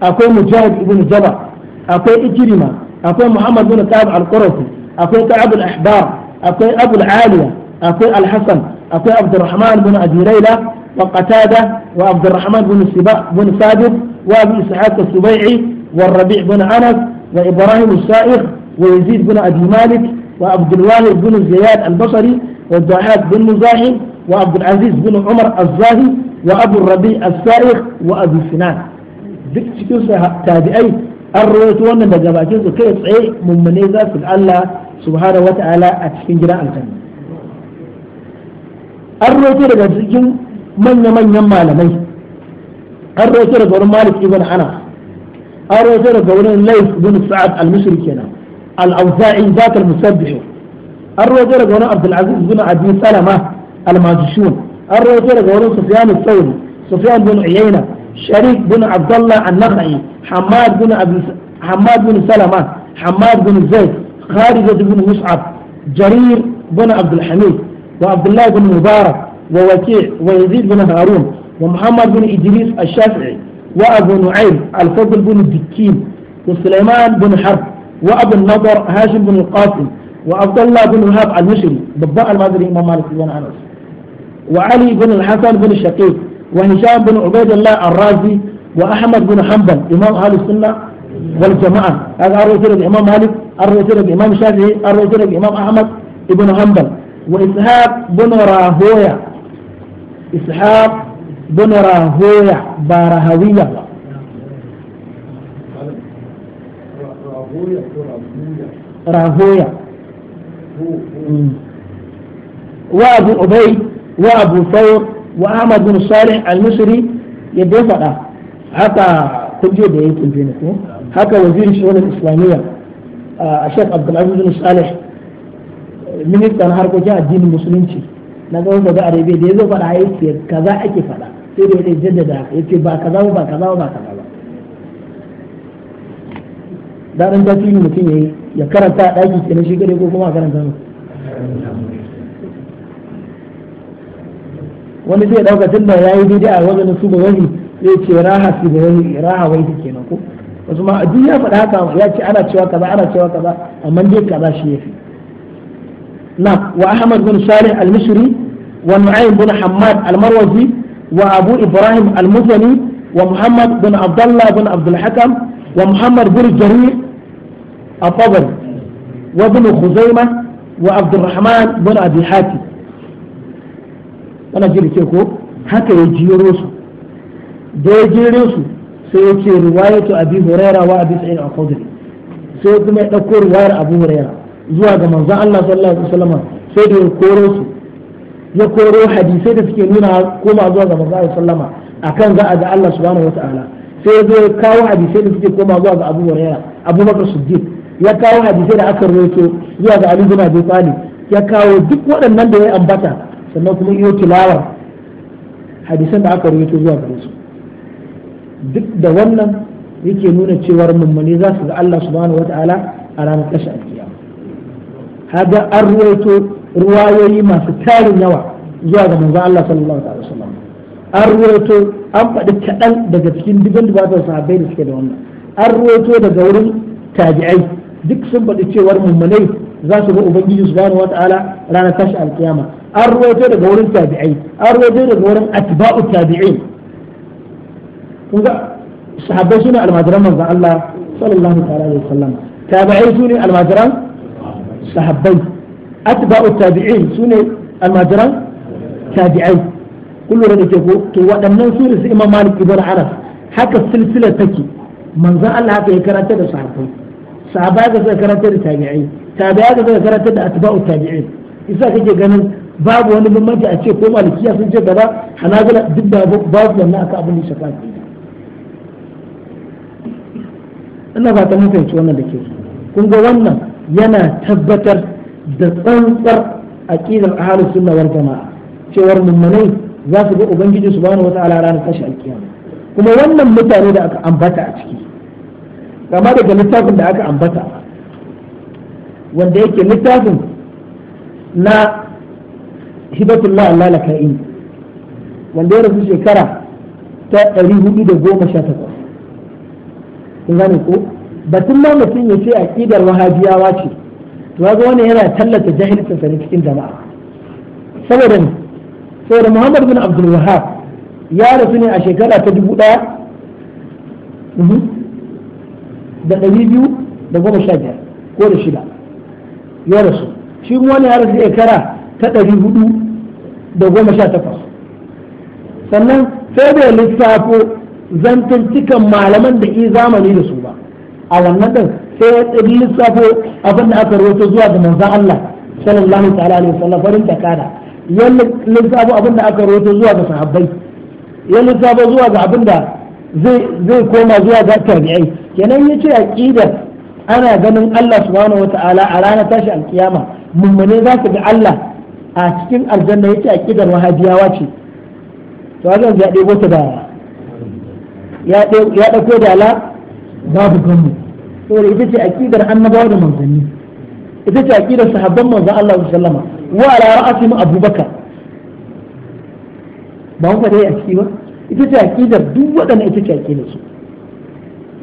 akwai mujahid ibn jaba akwai ikrima akwai muhammad bin ka'ab al-qurafi akwai ta al-ahbar akwai abul aliya akwai al-hasan akwai abdurrahman bin abi laila wa qatada wa abdurrahman bin siba wa abi ishaq as wa rabi' bin anas wa ibrahim as-sa'ir wa yazid bin abi malik wa abd bin ziyad al-basri wa dhahab bin muzahim wa abd bin umar az wa abu rabi' as wa abi sinan duk cikin tabi'ai an rawaito wannan daga bakin su kai tsaye mummune za su Allah subhanahu wata'ala a cikin gidan aljanna an roƙe daga cikin manya-manyan malamai an roƙe daga wurin malik ibn ana an roƙe daga wurin laif ibn sa'ad al-misri kenan al-awza'i zaka al-musabbih an roƙe daga wurin abdul aziz ibn abi salama al-majishun an roƙe daga wurin sufyan al-thawri sufyan bin uyayna sharik bin abdullah an-nakhai hamad bin abi hamad bin salama hamad bin zaid خارجة بن مصعب جرير بن عبد الحميد وعبد الله بن مبارك ووكيع ويزيد بن هارون ومحمد بن إدريس الشافعي وأبو نعيم الفضل بن الدكين وسليمان بن حرب وأبو النضر هاشم بن القاسم وعبد الله بن وهاب المشري بباء المدري إمام مالك بن أنس وعلي بن الحسن بن الشقيق وهشام بن عبيد الله الرازي وأحمد بن حنبل إمام أهل السنة والجماعة هذا أروي الإمام مالك أروي الإمام الشافعي أروي الإمام أحمد بن حنبل وإسحاق بن راهويا إسحاق بن راهويا بارهوية راهويا وأبو أبي وأبو ثور وأحمد بن صالح المصري يدفع حتى كل يوم يمكن هكا وزير الشؤون الإسلامية آه، الشيخ عبد العزيز بن صالح ministan harkokin addinin musulunci na kasar saudi arabia da ya zo faɗa ya ce kaza ake faɗa sai da ya jaddada haka ya ce ba kaza ba kaza ba kaza ba daɗin tasiri mutum ya yi ya karanta a ɗaki na shi gare ko kuma a karanta mu wani zai ɗauka tun da ya yi daidai a wajen su ba wani zai ce raha su ba wani raha wai ta kenan ko wasu ma duk ya faɗa haka ya ce ana cewa kaza ana cewa kaza amma dai kaza shi ya fi نعم وأحمد بن صالح المصري ونعيم بن حماد المروزي وأبو إبراهيم المزني ومحمد بن عبد الله بن عبد الحكم ومحمد بن جرير الطبري وابن خزيمة وعبد الرحمن بن أبي حاتم أنا جيت كيكو هكا يجيرو سو da ya jere su sai ya ce riwayatu abi huraira wa abi sa'id al-khudri sai kuma ya dauko riwayar abu huraira zuwa ga manzon Allah sallallahu alaihi wasallam sai da ya koro su ya koro hadisai da suke nuna koma zuwa ga manzon Allah sallama akan za a ga Allah subhanahu wataala sai ya zo ya kawo hadisai da suke koma zuwa ga Abu Hurairah Abu Bakar Siddiq ya kawo hadisai da aka rawaito zuwa ga Ali bin Abi Talib ya kawo duk waɗannan da ya ambata sannan kuma iyo tilawar hadisan da aka rawaito zuwa gare su duk da wannan yake nuna cewar mummuni za su ga Allah subhanahu wataala a ranar ƙasa kaga an ruwaito ruwayoyi masu tarin yawa zuwa ga manzo Allah sallallahu alaihi wasallam an ruwaito an faɗi kaɗan daga cikin dubin dubatar sahabbai da suke da wannan an ruwaito daga wurin tabi'ai duk sun faɗi cewar mummunai za su ga ubangiji subhanahu wata'ala ranar tashi alkiyama an ruwaito daga wurin tabi'ai an ruwaito daga wurin atba'u tabi'in kun ga sahabbai sune almajiran manzon Allah sallallahu alaihi wasallam tabi'ai sune almajiran sahabbai atba'u tabi'in sune almajiran tabi'ai kullu da ke ko to waɗannan su su imam malik ibn arab haka silsila take manzon Allah haka ya karanta da sahabbai sahabbai ga suka karanta da tabi'ai tabi'ai ga suka karanta da atba'u tabi'in isa kake ganin babu wani bambanci a ce ko malikiya sun ce gaba hanabila duk da babu wannan aka abin da shafa ina ba ta mun fahimci wannan da ke kun ga wannan yana tabbatar da tsantsar aqidar ahlus sunna wal jama'a cewar mummunai za su ga ubangiji subhanahu wata'ala ranar tashi alkiyama kuma wannan mutane da aka ambata a ciki kama daga littafin da aka ambata wanda yake littafin na hibatullah Allah laka'i wanda ya rasu shekara ta 418 kun gane ko batun ma mutum ya ce aƙidar wahabiyawa ce to ga wani yana tallata jahilcin sa cikin jama'a saboda ne saboda Muhammad bin Abdul wahab ya rasu ne a shekara ta dubu ɗaya uhuh, da ɗari biyu da goma sha biyar ko da shida ya rasu shi wani ya rasu shekara ta ɗari hudu da goma sha takwas sannan sai da lissafo zantancikan malaman da ke zamani da su a wannan ɗin sai ya tsiri lissafo abin da aka rawaito zuwa ga manzan Allah sallallahu ta'ala alaihi wasallam farin kada ya lissafo abin da aka rawaito zuwa ga sahabbai ya lissafo zuwa ga abin da zai zai koma zuwa ga tabi'ai kenan yace aqidar ana ganin Allah subhanahu wata'ala a ranar tashi alkiyama mummune za su ga Allah a cikin aljanna yace aqidar wahabiyawa ce to hakan ya ɗebo ta da ya ɗauko da la babu kanmu saboda ita ce aqidar annabawa da manzanni ita ce aqidar sahabban manzon Allah sallama wa ala ra'asim abubakar ba mu fada a ciki ba ita ce aqidar duk waɗanda ita ce aqidar su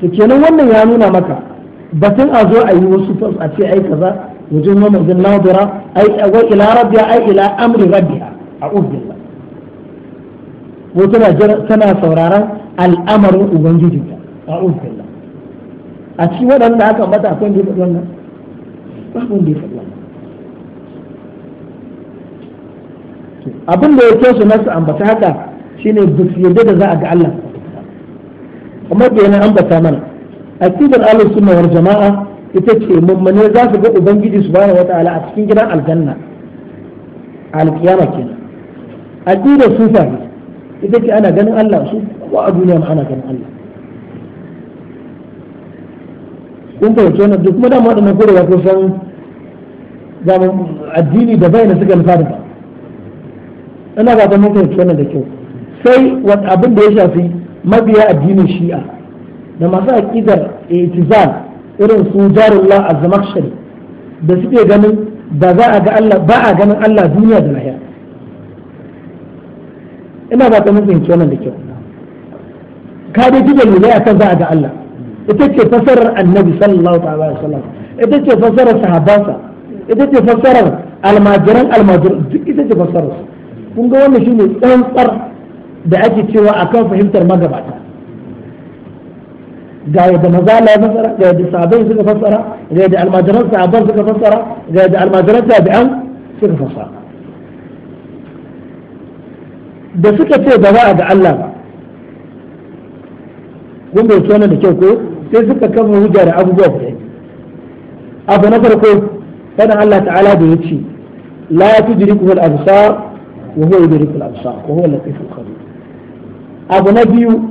to kenan wannan ya nuna maka batun a zo a yi wasu fas a ce ai kaza wajen mamazin nadira ai wa ila rabbiya ai ila amri rabbiya a ubillah ko tana tana sauraron al'amarin ubangijinta a ubillah a cikin waɗanda aka mata akwai da ya faɗi wannan babu wanda ya faɗi wannan abin da ya kyau su nasu ambata haka shine ne su yadda da za a ga Allah amma da yana ambata mana cikin ahlus sunna wal jama'a ita ce mummune za su ga ubangiji wata ala a cikin gidan aljanna alkiyama kenan aqidar sufa ita ce ana ganin Allah su ko a duniya ma ana ganin Allah kun fahimci wannan duk kuma da waɗannan ko da kun san addini da bayyana suka nufa ba ina ba ta mun fahimci wannan da kyau sai abin da ya shafi mabiya addinin shi'a da masu aƙidar itizal irin su jarullah azzamakshari da suke ganin ba za a ga Allah ba a ganin Allah duniya da lahiya ina ba ta mun fahimci wannan da kyau ka dai kike lura akan za a ga Allah ita ce fasarar annabi sallallahu alaihi sallam ita ce fasarar sahabansa ita ce fasarar almajiran almajiran duk ita ce fasarar kun ga wannan shine tsantsar da ake cewa akan fahimtar magabata ga yadda mazala la fasara ga yadda sahabai suka fasara ga yadda almajiran sahaban suka fasara ga yadda almajiran tabi'an suka fasara da suka ce ba za a ga Allah ba kun bai tona da kyau ko sai suka kama hujja da abubuwa guda abu na farko fadan Allah ta'ala da yace la tudriku al-absar wa huwa yudriku al-absar wa huwa al-latif al-khabir abu na biyu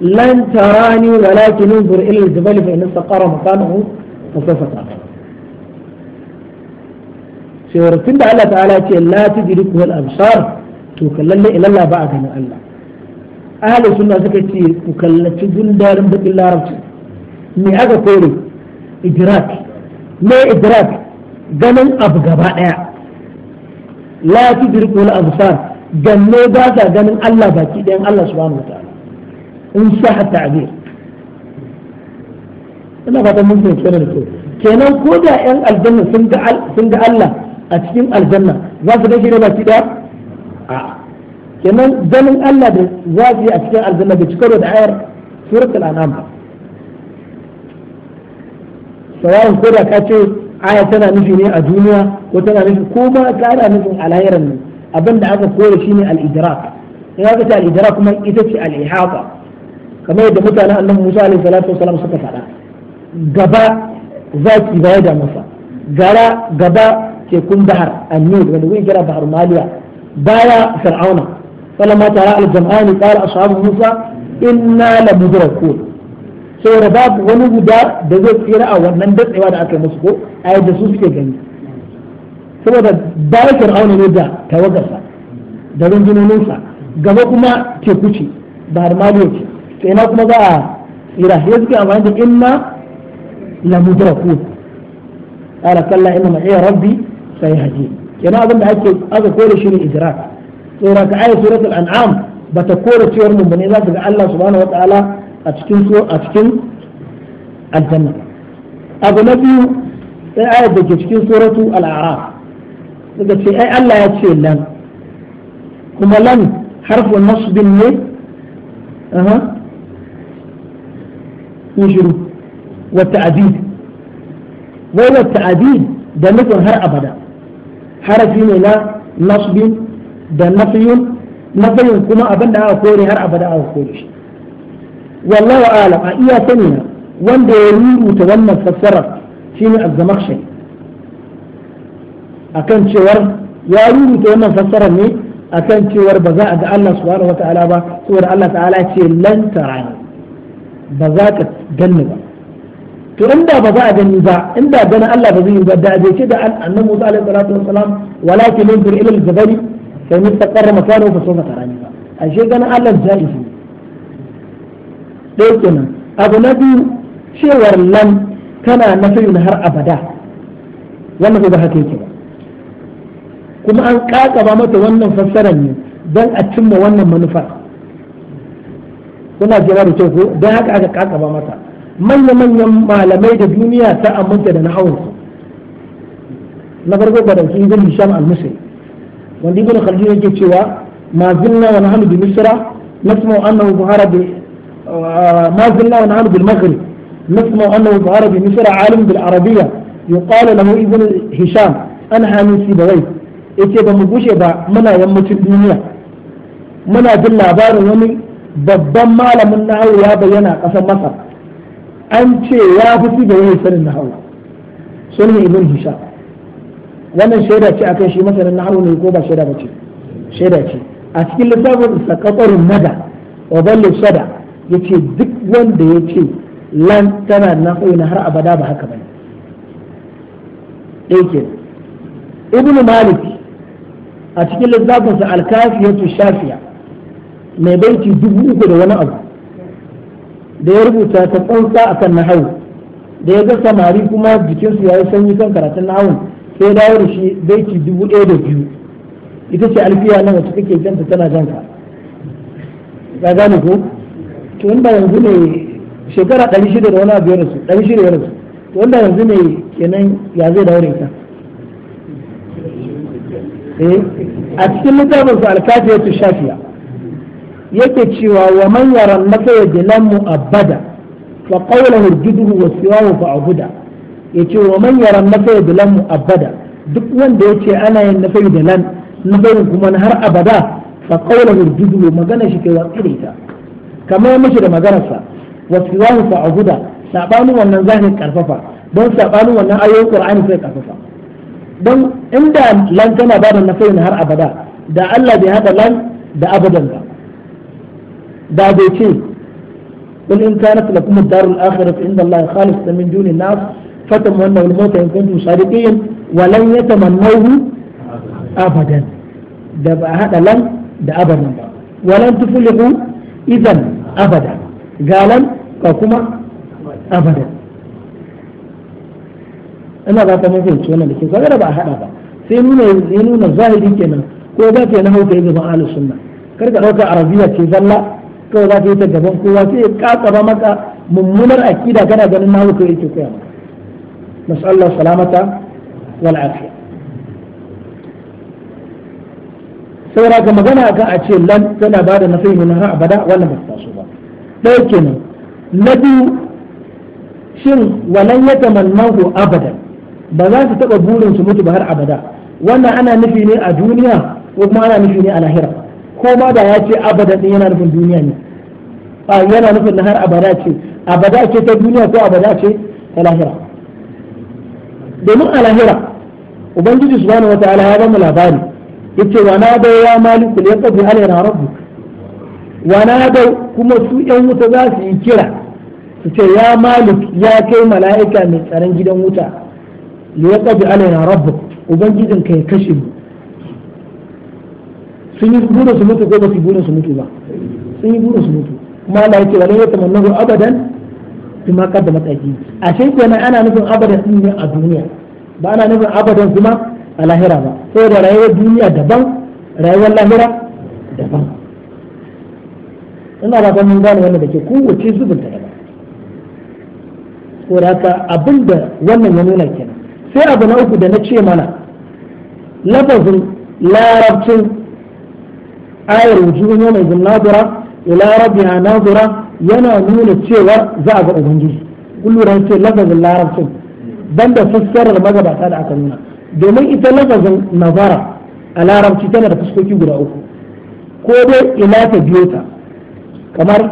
lan tarani walakin انظر الى الجبال فان استقر مكانه فسوف ترى sai tun da Allah ta'ala ce la tudriku al-absar to kallalle ila Allah ba a ganin Allah ahlus sunna suka ce ku kallaci gundarin bakin larabci me aka kore idrak me idrak ganin abu gaba daya la tudriku al absar ganne ba ta ganin Allah baki ɗayan Allah subhanahu wataala in sha ta'bir ina ba ta mun fahimci da kyau kenan ko da yan aljanna sun ga Allah a cikin aljanna za su gashi ne baki daya a kenan ganin Allah da za su yi a cikin aljanna bai ci karo da ayar suratul an'am ba sawa'un ko da ka ce aya tana nufi ne a duniya ko tana nufi ko ma ka nufin alahiran ne abin da aka koya shine ne idrak in aka ce al kuma ita ce al-ihata kamar yadda mutanen annabi Musa alaihi salatu wasallam suka faɗa gaba zaki baya da masa gara gaba tekun bahar annur wanda zai kira bahar maliya baya fir'auna falamma tara al-jam'ani qala ashabu musa inna la mudrakun saboda babu wani guda da zai tsira a wannan datsewa da aka musu ko a da su suke gani saboda bayan fir'auna ne da tawagarsa da rundunoninsa gaba kuma teku ce ba harmaliya ce to ina kuma za a tsira ya suke amfani da inna la mudraku ala kalla inna ma rabbi sai haji kenan abin da ake aka kore shi ne idrak saboda ka ayat suratul an'am bata kore cewar mun bane za ta ga Allah subhanahu wataala a cikin so a cikin aljanna abu na biyu sai ayat da ke cikin suratu al-a'raf daga ce ai Allah ya ce lan kuma lan harfu nasbin ne aha yushiru wa ta'did wai wa ta'did da nufin har abada harafi ne na nasbin da nafiyun nafiyin kuma abin da aka kore har abada aka kore shi wallahu alam a iya sani wanda ya rubuta wannan fassara shine az-zamakhshari akan cewar ya rubuta wannan fassara ne akan cewar ba za a ga Allah subhanahu wataala ba saboda Allah ta'ala ce ba za ka ganni ba to inda ba a gani ba inda gani Allah ba zai yi ba da bai ce da annabi Musa alaihi salatu wassalam walakin yanzur ila al-jabal fa in istaqarra makanahu fa sawfa tarani ba ashe ganin Allah jaizi ɗaya abu na biyu cewar lam tana nafiyin har abada wannan ba haka yake ba kuma an kakaba mata wannan fassarar ne don a cimma wannan manufa kuna jira da kyau ko don haka aka kakaba mata manya-manyan malamai da duniya ta aminta da na'awunsu na farko ga dauki ibn hisham al-musri wanda ibn khaldun yake cewa ma zinna wa nahnu bi misra nasma'u annahu buhara bi ما زلنا ونعم بالمغرب نسمع أنه ظهر بمصر عالم بالعربية يقال له ابن هشام أنا من سيبويه yace ba mu gushe ba muna yammacin duniya muna jin labarin wani babban malamin na nahawu ya bayyana a ƙasar masar an ce ya fi fi da yayi sanin na hau nahawu sunan ibn hisham wannan shaida ce akan shi masa na nahawu ne ko ba shaida ba ce shaida ce a cikin littafin sakakwarin nada wa balli sada ya ce duk wanda ya ce lan tana na na har abada ba haka ba ne ke ibnu malik a cikin lissafinsa alkafiyatu shafiya mai baiti dubu uku da wani abu da ya rubuta ta tsantsa a kan nahawu da ya ga samari kuma jikinsu ya yi sanyi kan karatun nahawun sai ya dawo da shi baiti dubu ɗaya da biyu ita ce alfiya nan wacce kake janta tana janka ka gane ko to wanda yanzu ne shekara ɗari shida da wani abu ya rasu ɗari shida yanzu to wanda yanzu ne kenan ya zai daure ta eh, a cikin littafin su alkafi ya shafiya yake cewa wa man yara maka ya dilan mu'abbada fa qawluhu jidhu wa siwahu fa abuda yace wa man yara maka ya dilan mu'abbada duk wanda yace ana yin nafayi dilan nafayin kuma har abada fa qawluhu jidhu magana shi kai wa tsirita kamar ya mishi maganarsa magararsa wasu wani sa'abuda sabanu wannan zahin karfafa don sabanu wannan ayoyin qur'ani sai karfafa don inda lan tana ba da nasarin har abada da Allah bai haɗa lan da abadan ba da bai ce kun in kana kula kuma darul akhirah inda Allah ya ta min duni nas fatam wannan ulmota in kuntum sadiqin walan yatamannahu abadan da ba hada lan da abadan ba walan tuflihu idan abada galan ka kuma abada ina ba ta mafi wannan da ke kaga ba a hada ba sai nuna ya nuna zahiri kenan ko za ka yi na hauka gaban ahlus sunna kar ka dauka arabiya ce zalla kawai za ka yi ta gaban kowa sai ya ba maka mummunar akida kana ganin na hauka yake koya maka allah salamata wal afiya saboda ka magana akan a ce lan tana ba da nafi min har abada wannan ba su taso ba ɗaya kenan na biyu shin walan ya tamannahu abada ba za su taɓa burin su mutu ba har abada wannan ana nufi ne a duniya ko kuma ana nufi ne a lahira ko ma da ya ce abada din yana nufin duniya ne a yana nufin har abada ce abada ce ta duniya ko abada ce ta lahira domin a lahira ubangiji subhanahu wataala ya ba mu labari yace wa na da ya maliku da ya kabi alayna rabbuk wa na da kuma su yan wuta za su yi kira su ce ya malik ya kai mala'ika mai tsaron gidan wuta da ya kabi alayna rabbuk ubangijin ka ya kashe mu sun yi burin su mutu ko ba su yi su mutu ba sun yi burin su mutu kuma Allah ya ce wa tamanna yatamannahu abadan kuma qaddama aydihim a kenan ana nufin abadan din ne a duniya ba ana nufin abadan kuma a lahira ba saboda rayuwar duniya daban rayuwar lahira daban ina ba mun gane wanda da ke kowace zubin ta daban saboda haka abinda wannan ya nuna kenan sai abu na uku da na ce mana lafazin larabcin ayar wujuhun yana mai zinnadura ila rabbiha nadura yana nuna cewa za a ga ubangiji kullum ce lafazin larabcin banda fassarar magabata da aka nuna domin ita lafazin nazara a larabci tana da fuskoki guda uku ko dai ila ta biyo ta kamar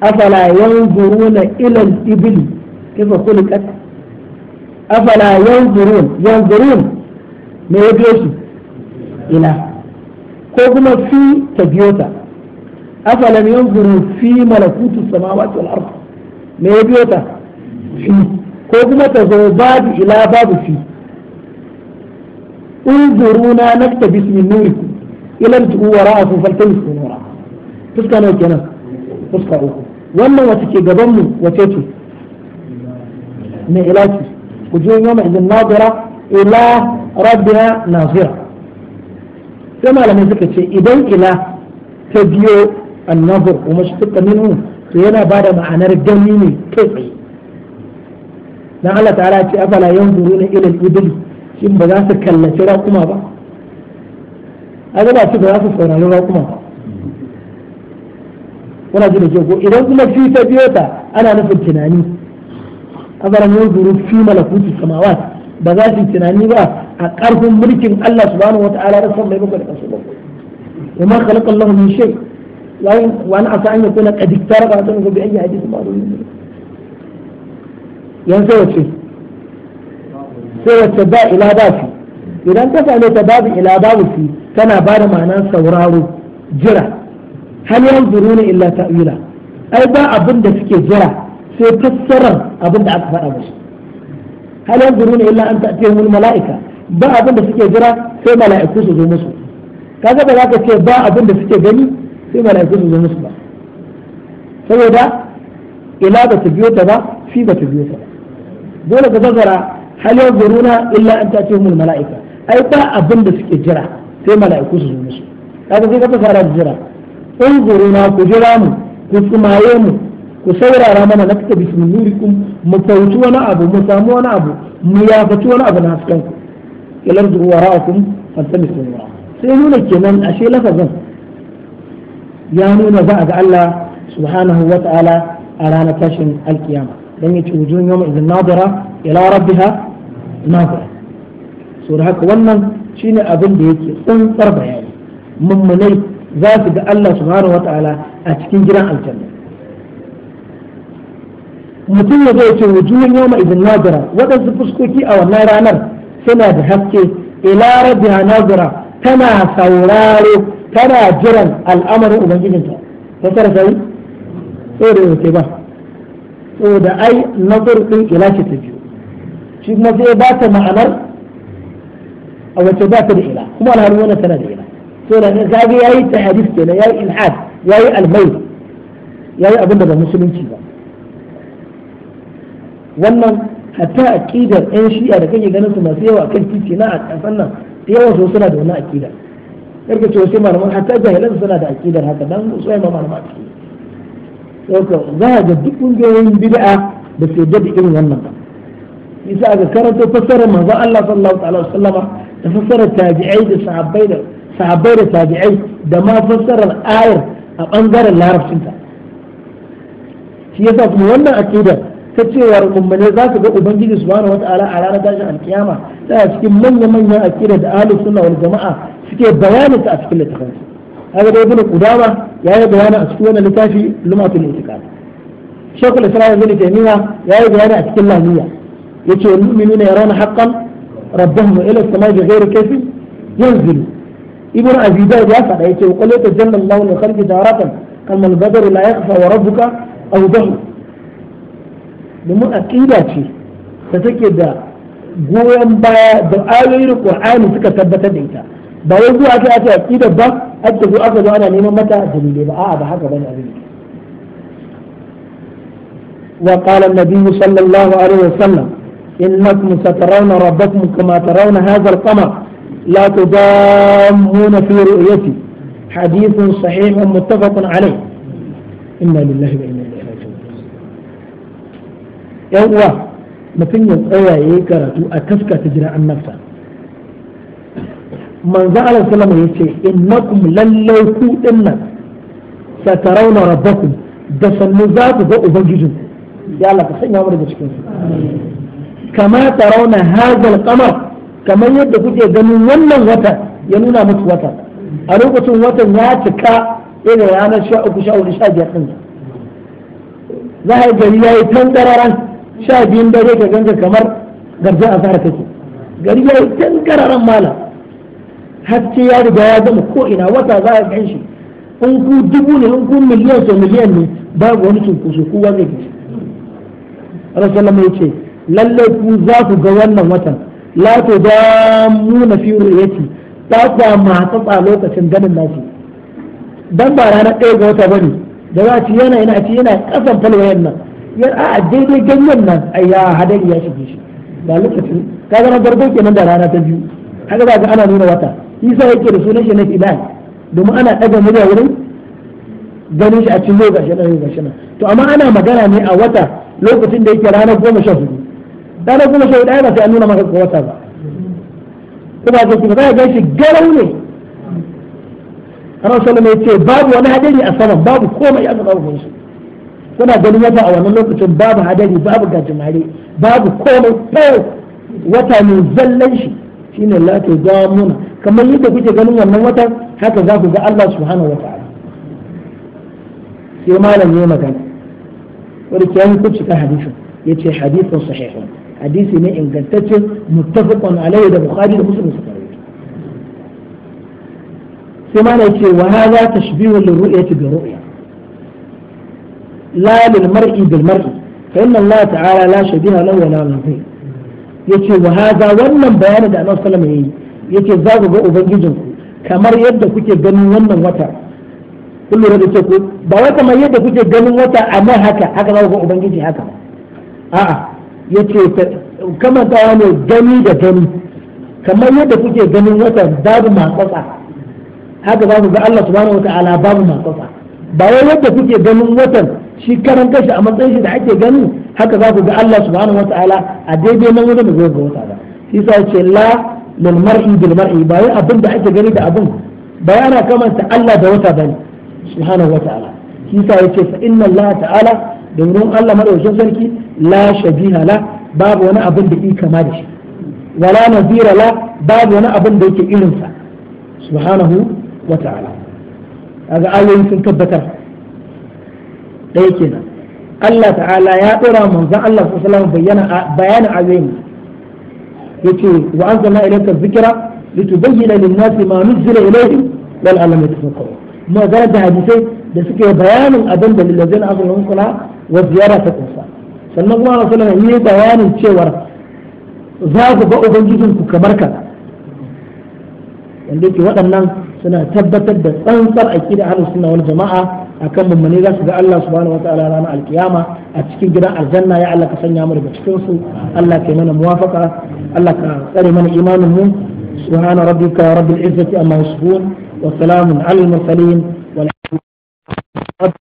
afala yanzuruna ila al-ibil kaifa khuliqat afala yanzurun yanzurun me ya biyo su ila ko kuma fi ta biyo ta afala yanzuru fi malakutu samawati wal ard me ya biyo ta fi ko kuma ta zo babu ila babu fi unzuruna naktabis min nurikum ila tu'u wara'akum faltamisu nura fuska nawa kenan fuska uku wannan wata ke gaban mu wace ce mai ilaki ku je yau mai izin nazira ila rabbina nazira sai malamai suka ce idan ila ta biyo annabur kuma shi suka to yana ba da ma'anar gani ne kai tsaye dan Allah ta'ala shin ba za su kallaci raƙuma ba a ba su ba za su saurari raƙuma ba kuna ji da ke ko idan kuma fi ta biyo ta ana nufin tunani abaran yanzuru fi malakuti samawat ba za su tunani ba a ƙarfin mulkin Allah subhanahu wata'ala da san mai bakwai da kasu bakwai wa ma khalaqa Allah min shay wa an asa an yakuna qad iktaraba an bi ayyi hadithin ma'lum yanzu wace sai wacce ba ila ba fi idan ka same ta babu ila babu fi tana ba da ma'anar sauraro jira hal yanzuruna illa ta'wila ai ba abin da suke jira sai fassarar abin da aka faɗa musu hal yanzuruna illa an ta'tiyahumul mala'ika ba abin da suke jira sai mala'iku su zo musu kaga ba za ka ce ba abin da suke gani sai mala'iku su zo musu ba saboda ila ba ta biyo ta ba fi ba ta biyo ta ba dole ka zazzara. hal yanzuruna illa an ta'tihumul mala'ika ai ba abin da suke jira sai mala'iku su zo musu kaga sai ka fara jira unzuruna ku jira mu ku tsumaye mu ku saurara mana na kuka bisu nurikum mu fauci wani abu mu samu wani abu mu yafaci wani abu na hasken ku ilar da uwa ra'akum fantami sunura sai nuna kenan ashe lafazin ya nuna za a ga Allah subhanahu ta'ala a ranar tashin alkiyama don ya wujun yawma idan nafi'a so da haka wannan shine abin da yake tsantsar bayani mummunai za su ga Allah subhanahu wataala a cikin gidan aljanna mutum ya zai ce wujuhun yawma idin nazara waɗansu fuskoki a wannan ranar suna da haske ila rabbiha nazara tana sauraro tana jiran al'amarin ubangijinta ta tara sai sai da ba da ai nazar din ila ce ta biyu shi kuma sai ya ba ta ma'anar a wacce ba ta da ila kuma alhalin wannan tana da ila to da ne kage yayi tahdis kenan yayi ilhad yayi almai yayi abin da ba musulunci ba wannan hatta aqidar ɗan shi'a da kake ganin su masu yawa kan titi na a kasan nan yawan su suna da wannan aqidar karka ce wasu malaman hatta jahilan suna da aqidar haka dan su ai malama a ciki za ga duk ƙungiyoyin bid'a da su yadda da irin wannan ba Isa aka karanto fassarar manzon Allah sallallahu ta'ala wasallama da fassarar tabi'ai da sahabbai da sahabbai da tabi'ai da ma fassarar ayar a bangaren larabcinta shi yasa kuma wannan aqidar ta cewar mummune za ka ga ubangiji subhanahu wata'ala a ranar tashin alkiyama tana cikin manya-manyan aqidar da ahlus sunna wal jama'a suke bayanin ta a cikin littafin su. haka da ibnu qudama yi bayani a cikin wannan littafi lumatul itiqad shaykhul islam ibn taymiya yi bayani a cikin lamiya yace wal mu'minuna yarawna haqqan rabbahum ila as-samai bighayri kayfin yanzilu ibn abi dawud ya faɗa yace wa qala tajalla Allahu li khalqi daratan kama al-badru la yakhfa domin ce da da goyon baya da ayoyin Qur'ani suka tabbatar da ita ba wai zuwa aka aka akida ba ake zo aka zo ana neman mata dalilai ba a'a ba haka bane abin wa qala an-nabiy sallallahu alaihi wasallam إنكم سترون ربكم كما ترون هذا القمر لا تضامون في رؤيتي حديث صحيح متفق عليه إنا لله وإنا إليه راجعون يوا ما كان يقوى يكرتو أكفك تجرى عن نفسه من ذا الله سلم إنكم لن إنا سترون ربكم دسن نزاد ذو أبنجزكم يا الله تسعين عمر بشكل kama tarawna hadal qamar kamar yadda kuke ganin wannan wata ya nuna musu wata a lokacin watan ya cika irin yanar sha uku sha hudu sha biyar ɗin za a gari ya yi tangararan sha biyun dare ka ganga kamar garjin asara kake gari ya yi tangararan mala haske ya riga ya zama ko ina wata za a in ku dubu ne in ku miliyan to miliyan ne babu wani cunkoso kowa zai gaji rasulullah ya ce Lallai ku za ku ga wannan watan la to da mu na fi ru'yati ba ta ma tsatsa lokacin ganin nashi dan ba ranar ɗaya ga wata bane da za ci yana yana ci yana kasan falwayan nan ya a daidai ganyen nan ai ya hadari ya shige shi ba lokacin ka kaga na farko kenan da rana ta biyu haka za ga ana nuna wata isa yake da sunan shi na fidan domin ana ɗaga murya wurin ganin shi a cikin yau gashi nan gashi nan to amma ana magana ne a wata lokacin da yake ranar goma sha hudu dana kuma shi ɗaya ba sai an nuna maka wata ba kuma ga kuma za ka shi garau ne rasul mai ce babu wani hadari a saman babu komai a gaban shi kuna ganin wata a wannan lokacin babu hadari babu gajimare babu komai kawai wata ne zallan shi shine la tuzamuna kamar yadda kuke ganin wannan watan haka za ku ga Allah subhanahu wa ta'ala sai malam ya magana wanda ke yi kuci ka hadisin yace hadisin sahihun hadisi ne ingantacce muttafaqan alaihi da bukhari da muslim suka rawaito sai ma ne ce wa hadha tashbihu lirru'yati bi ru'ya la lil mar'i bil mar'i fa inna allaha ta'ala la shabiha lahu wa la nafi yace wa hadha wannan bayanin da Annabi sallallahu alaihi wasallam yayi yace za ku ga ku kamar yadda kuke ganin wannan wata kullu rabbi ta ku ba wata kamar yadda kuke ganin wata amma haka haka za ku ga ubangiji haka a'a yace kama ta ne gani da gani kamar yadda kuke ganin wata babu matsatsa haka za ku ga Allah subhanahu wata'ala babu matsatsa ba wai yadda kuke ganin watan shi karan kashi a matsayin shi da ake gani haka za ku ga Allah subhanahu wata'ala a daidai nan wajen da zai ga wata ba shi sa ce la lil mar'i bil mar'i ba wai abin da ake gani da abin ba ana kamanta Allah da wata bane subhanahu wata'ala shi sa yace fa inna Allah ta'ala domin Allah madaukakin sarki la shabiha la babu wani abin da yake kama da shi wala nazira la babu wani abin da yake irin sa subhanahu wa ta'ala kaga ayoyin sun tabbatar ɗaya kenan Allah ta'ala ya dora manzon Allah sallallahu alaihi wasallam bayyana bayanin ayoyin yace wa anzalna ilayka dhikra litubayyana lin-nasi ma nuzila ilayhim wal alam yatafakkarun ma da hadisai da suke bayanin abin da lillazina amanu kula wa ziyara ta kunsa sannan kuma Allah sallallahu alaihi bayanin cewar za ku ga ubangijinku kamar ka wanda yake waɗannan suna tabbatar da tsantsar aqida ahlus sunna wal jama'a akan mummune za su ga Allah subhanahu wataala ranar alkiyama a cikin gidan aljanna ya Allah ka sanya mu daga cikin su Allah ka mana muwafaqa Allah ka tsare mana imanin mu subhana rabbika rabbil izzati amma yasifun wa salamun alal mursalin wal